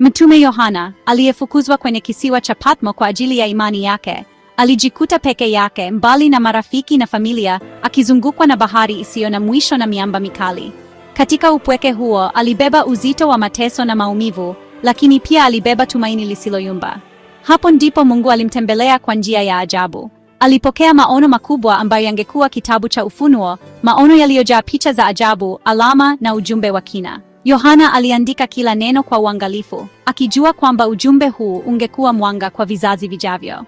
Mtume Yohana aliyefukuzwa kwenye kisiwa cha Patmo kwa ajili ya imani yake, alijikuta peke yake mbali na marafiki na familia, akizungukwa na bahari isiyo na mwisho na miamba mikali. Katika upweke huo alibeba uzito wa mateso na maumivu, lakini pia alibeba tumaini lisiloyumba. Hapo ndipo Mungu alimtembelea kwa njia ya ajabu. Alipokea maono makubwa ambayo yangekuwa kitabu cha Ufunuo, maono yaliyojaa picha za ajabu, alama na ujumbe wa kina. Yohana aliandika kila neno kwa uangalifu, akijua kwamba ujumbe huu ungekuwa mwanga kwa vizazi vijavyo.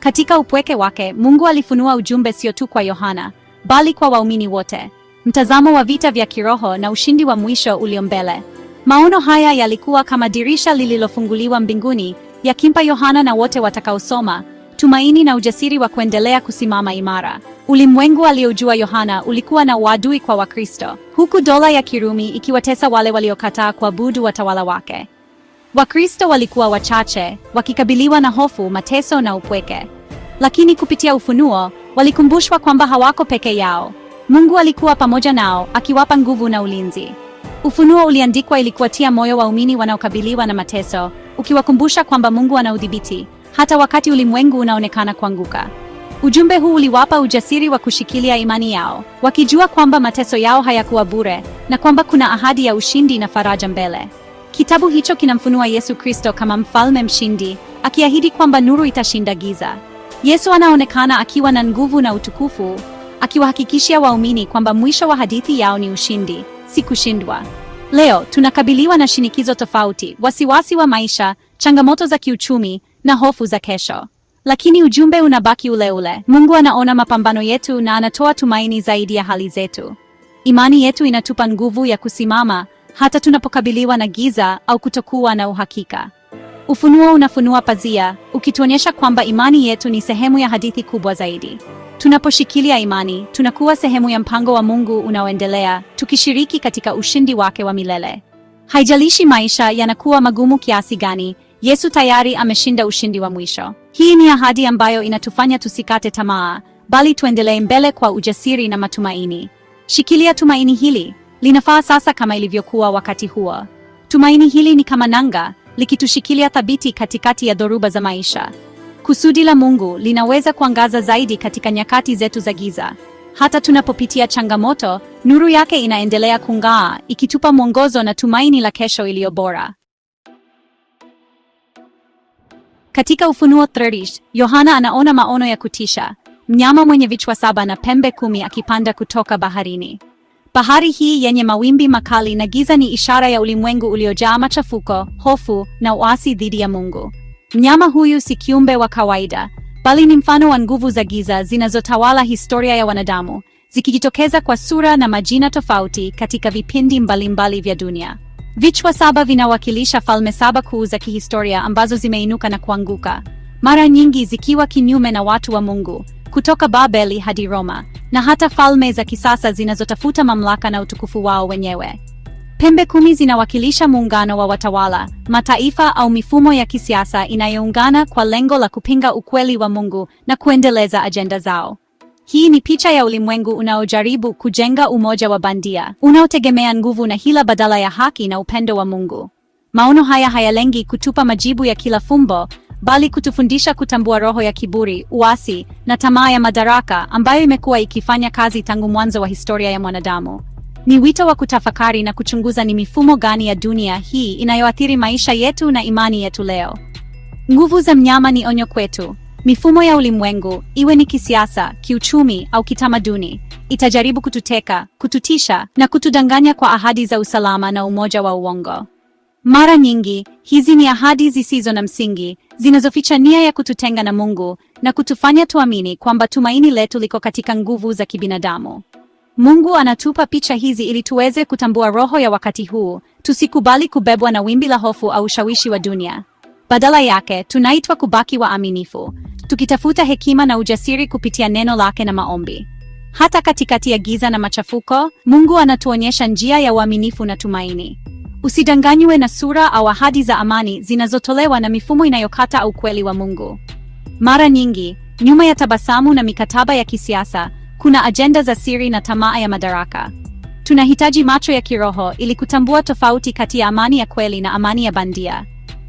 Katika upweke wake, Mungu alifunua ujumbe sio tu kwa Yohana, bali kwa waumini wote, mtazamo wa vita vya kiroho na ushindi wa mwisho ulio mbele. Maono haya yalikuwa kama dirisha lililofunguliwa mbinguni, yakimpa Yohana na wote watakaosoma tumaini na ujasiri wa kuendelea kusimama imara. Ulimwengu aliojua Yohana ulikuwa na wadui kwa Wakristo, huku dola ya Kirumi ikiwatesa wale waliokataa kuabudu watawala wake. Wakristo walikuwa wachache, wakikabiliwa na hofu, mateso na upweke. Lakini kupitia ufunuo, walikumbushwa kwamba hawako peke yao. Mungu alikuwa pamoja nao, akiwapa nguvu na ulinzi. Ufunuo uliandikwa ili kuwatia moyo waumini wanaokabiliwa na mateso, ukiwakumbusha kwamba Mungu anaudhibiti, hata wakati ulimwengu unaonekana kuanguka. Ujumbe huu uliwapa ujasiri wa kushikilia imani yao, wakijua kwamba mateso yao hayakuwa bure na kwamba kuna ahadi ya ushindi na faraja mbele. Kitabu hicho kinamfunua Yesu Kristo kama mfalme mshindi, akiahidi kwamba nuru itashinda giza. Yesu anaonekana akiwa na nguvu na utukufu, akiwahakikishia waumini kwamba mwisho wa hadithi yao ni ushindi, si kushindwa. Leo tunakabiliwa na shinikizo tofauti, wasiwasi wa maisha, changamoto za kiuchumi na hofu za kesho lakini ujumbe unabaki ule ule. Mungu anaona mapambano yetu na anatoa tumaini zaidi ya hali zetu. Imani yetu inatupa nguvu ya kusimama hata tunapokabiliwa na giza au kutokuwa na uhakika. Ufunuo unafunua pazia, ukituonyesha kwamba imani yetu ni sehemu ya hadithi kubwa zaidi. Tunaposhikilia imani, tunakuwa sehemu ya mpango wa Mungu unaoendelea, tukishiriki katika ushindi wake wa milele. Haijalishi maisha yanakuwa magumu kiasi gani, Yesu tayari ameshinda ushindi wa mwisho. Hii ni ahadi ambayo inatufanya tusikate tamaa, bali tuendelee mbele kwa ujasiri na matumaini. Shikilia tumaini hili, linafaa sasa kama ilivyokuwa wakati huo. Tumaini hili ni kama nanga, likitushikilia thabiti katikati ya dhoruba za maisha. Kusudi la Mungu linaweza kuangaza zaidi katika nyakati zetu za giza. Hata tunapopitia changamoto, nuru yake inaendelea kung'aa, ikitupa mwongozo na tumaini la kesho iliyo bora. Katika Ufunuo 30, Yohana anaona maono ya kutisha, mnyama mwenye vichwa saba na pembe kumi akipanda kutoka baharini. Bahari hii yenye mawimbi makali na giza ni ishara ya ulimwengu uliojaa machafuko, hofu na uasi dhidi ya Mungu. Mnyama huyu si kiumbe wa kawaida, bali ni mfano wa nguvu za giza zinazotawala historia ya wanadamu, zikijitokeza kwa sura na majina tofauti katika vipindi mbalimbali mbali vya dunia. Vichwa saba vinawakilisha falme saba kuu za kihistoria ambazo zimeinuka na kuanguka, mara nyingi zikiwa kinyume na watu wa Mungu, kutoka Babeli hadi Roma, na hata falme za kisasa zinazotafuta mamlaka na utukufu wao wenyewe. Pembe kumi zinawakilisha muungano wa watawala, mataifa au mifumo ya kisiasa inayoungana kwa lengo la kupinga ukweli wa Mungu na kuendeleza ajenda zao. Hii ni picha ya ulimwengu unaojaribu kujenga umoja wa bandia unaotegemea nguvu na hila badala ya haki na upendo wa Mungu. Maono haya hayalengi kutupa majibu ya kila fumbo, bali kutufundisha kutambua roho ya kiburi, uasi na tamaa ya madaraka ambayo imekuwa ikifanya kazi tangu mwanzo wa historia ya mwanadamu. Ni wito wa kutafakari na kuchunguza ni mifumo gani ya dunia hii inayoathiri maisha yetu na imani yetu leo. Nguvu za mnyama ni onyo kwetu. Mifumo ya ulimwengu, iwe ni kisiasa, kiuchumi au kitamaduni, itajaribu kututeka, kututisha na kutudanganya kwa ahadi za usalama na umoja wa uongo. Mara nyingi, hizi ni ahadi zisizo na msingi, zinazoficha nia ya kututenga na Mungu na kutufanya tuamini kwamba tumaini letu liko katika nguvu za kibinadamu. Mungu anatupa picha hizi ili tuweze kutambua roho ya wakati huu, tusikubali kubebwa na wimbi la hofu au ushawishi wa dunia. Badala yake tunaitwa kubaki waaminifu, tukitafuta hekima na ujasiri kupitia neno lake na maombi. Hata katikati ya giza na machafuko, Mungu anatuonyesha njia ya uaminifu na tumaini. Usidanganywe na sura au ahadi za amani zinazotolewa na mifumo inayokata ukweli wa Mungu. Mara nyingi, nyuma ya tabasamu na mikataba ya kisiasa, kuna ajenda za siri na tamaa ya madaraka. Tunahitaji macho ya kiroho ili kutambua tofauti kati ya amani ya kweli na amani ya bandia.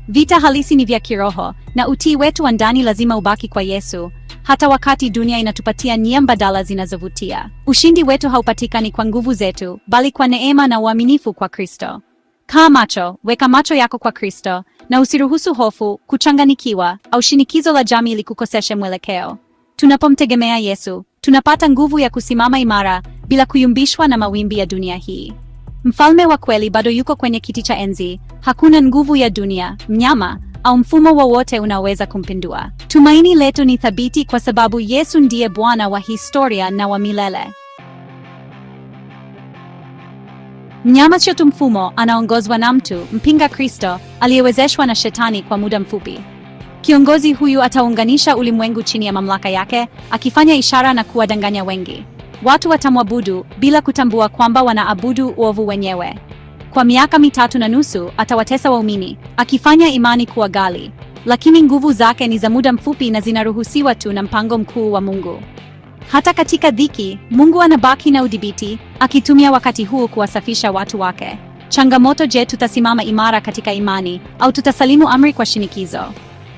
Vita halisi ni vya kiroho na utii wetu wa ndani lazima ubaki kwa Yesu, hata wakati dunia inatupatia nia mbadala zinazovutia. Ushindi wetu haupatikani kwa nguvu zetu, bali kwa neema na uaminifu kwa Kristo. Kaa macho, weka macho yako kwa Kristo na usiruhusu hofu, kuchanganikiwa au shinikizo la jamii likukoseshe mwelekeo. Tunapomtegemea Yesu, tunapata nguvu ya kusimama imara bila kuyumbishwa na mawimbi ya dunia hii. Mfalme wa kweli bado yuko kwenye kiti cha enzi. Hakuna nguvu ya dunia, mnyama au mfumo wowote unaweza kumpindua. Tumaini letu ni thabiti kwa sababu Yesu ndiye Bwana wa historia na wa milele. Mnyama chetu mfumo anaongozwa na mtu mpinga Kristo aliyewezeshwa na shetani kwa muda mfupi. Kiongozi huyu ataunganisha ulimwengu chini ya mamlaka yake, akifanya ishara na kuwadanganya wengi. Watu watamwabudu bila kutambua kwamba wanaabudu uovu wenyewe. Kwa miaka mitatu na nusu atawatesa waumini, akifanya imani kuwa ghali, lakini nguvu zake ni za muda mfupi na zinaruhusiwa tu na mpango mkuu wa Mungu. Hata katika dhiki, Mungu anabaki na udhibiti, akitumia wakati huu kuwasafisha watu wake. Changamoto: je, tutasimama imara katika imani au tutasalimu amri kwa shinikizo?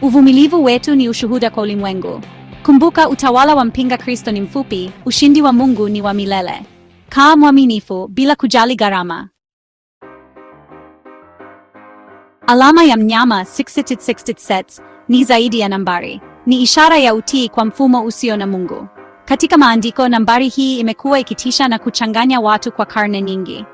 Uvumilivu wetu ni ushuhuda kwa ulimwengu. Kumbuka, utawala wa mpinga Kristo ni mfupi, ushindi wa Mungu ni wa milele. Kaa mwaminifu bila kujali gharama. Alama ya mnyama 666 sets ni zaidi ya nambari, ni ishara ya utii kwa mfumo usio na Mungu. Katika maandiko, nambari hii imekuwa ikitisha na kuchanganya watu kwa karne nyingi.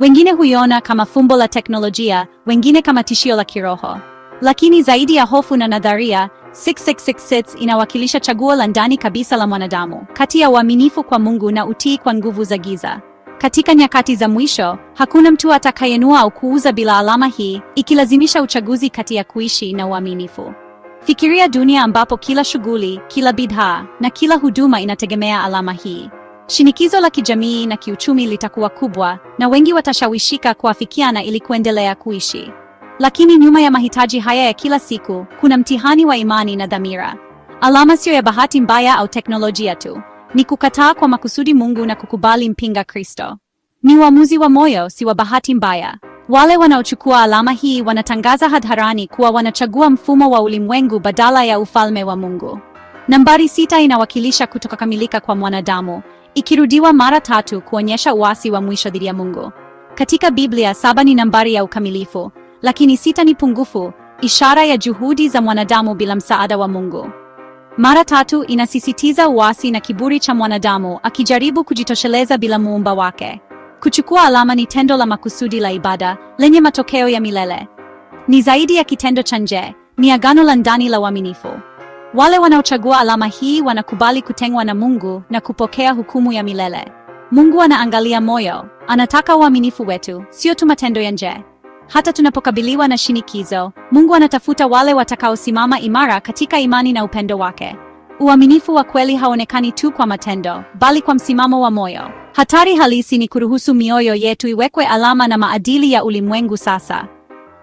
Wengine huiona kama fumbo la teknolojia, wengine kama tishio la kiroho. Lakini zaidi ya hofu na nadharia, 666 inawakilisha chaguo la ndani kabisa la mwanadamu kati ya uaminifu kwa Mungu na utii kwa nguvu za giza. Katika nyakati za mwisho, hakuna mtu atakayenua au kuuza bila alama hii, ikilazimisha uchaguzi kati ya kuishi na uaminifu. Fikiria dunia ambapo kila shughuli, kila bidhaa na kila huduma inategemea alama hii. Shinikizo la kijamii na kiuchumi litakuwa kubwa, na wengi watashawishika kuafikiana ili kuendelea kuishi. Lakini nyuma ya mahitaji haya ya kila siku kuna mtihani wa imani na dhamira. Alama siyo ya bahati mbaya au teknolojia tu, ni kukataa kwa makusudi Mungu na kukubali mpinga Kristo. Ni uamuzi wa moyo, si wa bahati mbaya. Wale wanaochukua alama hii wanatangaza hadharani kuwa wanachagua mfumo wa ulimwengu badala ya ufalme wa Mungu. Nambari sita inawakilisha kutokakamilika kwa mwanadamu, ikirudiwa mara tatu kuonyesha uasi wa mwisho dhidi ya Mungu. Katika Biblia, saba ni nambari ya ukamilifu lakini sita ni pungufu, ishara ya juhudi za mwanadamu bila msaada wa Mungu. Mara tatu inasisitiza uasi na kiburi cha mwanadamu akijaribu kujitosheleza bila muumba wake. Kuchukua alama ni tendo la makusudi la ibada lenye matokeo ya milele. Ni zaidi ya kitendo cha nje, ni agano la ndani la uaminifu. Wale wanaochagua alama hii wanakubali kutengwa na Mungu na kupokea hukumu ya milele. Mungu anaangalia moyo, anataka uaminifu wetu, sio tu matendo ya nje hata tunapokabiliwa na shinikizo. Mungu anatafuta wale watakaosimama imara katika imani na upendo wake. Uaminifu wa kweli haonekani tu kwa matendo, bali kwa msimamo wa moyo. Hatari halisi ni kuruhusu mioyo yetu iwekwe alama na maadili ya ulimwengu sasa.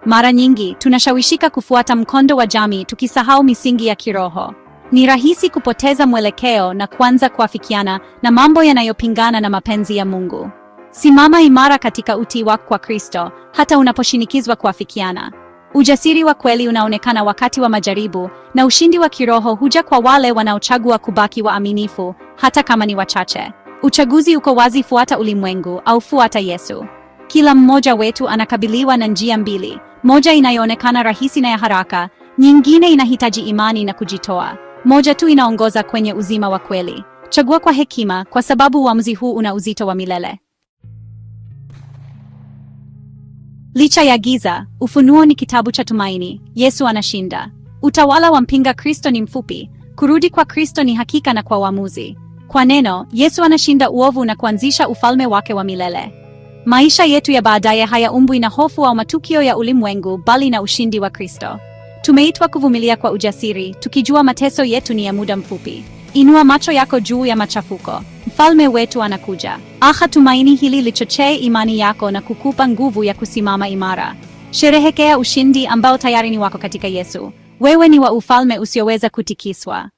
Mara nyingi tunashawishika kufuata mkondo wa jamii tukisahau misingi ya kiroho. Ni rahisi kupoteza mwelekeo na kuanza kuafikiana na mambo yanayopingana na mapenzi ya Mungu. Simama imara katika utii wako kwa Kristo hata unaposhinikizwa kuafikiana. Ujasiri wa kweli unaonekana wakati wa majaribu, na ushindi wa kiroho huja kwa wale wanaochagua kubaki waaminifu hata kama ni wachache. Uchaguzi uko wazi: fuata ulimwengu au fuata Yesu. Kila mmoja wetu anakabiliwa na njia mbili, moja inayoonekana rahisi na ya haraka, nyingine inahitaji imani na kujitoa. Moja tu inaongoza kwenye uzima wa kweli. Chagua kwa hekima, kwa sababu uamuzi huu una uzito wa milele. Licha ya giza, Ufunuo ni kitabu cha tumaini. Yesu anashinda. Utawala wa mpinga Kristo ni mfupi. Kurudi kwa Kristo ni hakika na kwa uamuzi. Kwa neno, Yesu anashinda uovu na kuanzisha ufalme wake wa milele. Maisha yetu ya baadaye hayaumbwi na hofu au matukio ya ulimwengu, bali na ushindi wa Kristo. Tumeitwa kuvumilia kwa ujasiri, tukijua mateso yetu ni ya muda mfupi. Inua macho yako juu ya machafuko mfalme wetu anakuja. Aha, tumaini hili lichochee imani yako na kukupa nguvu ya kusimama imara. Sherehekea ushindi ambao tayari ni wako katika Yesu. Wewe ni wa ufalme usioweza kutikiswa.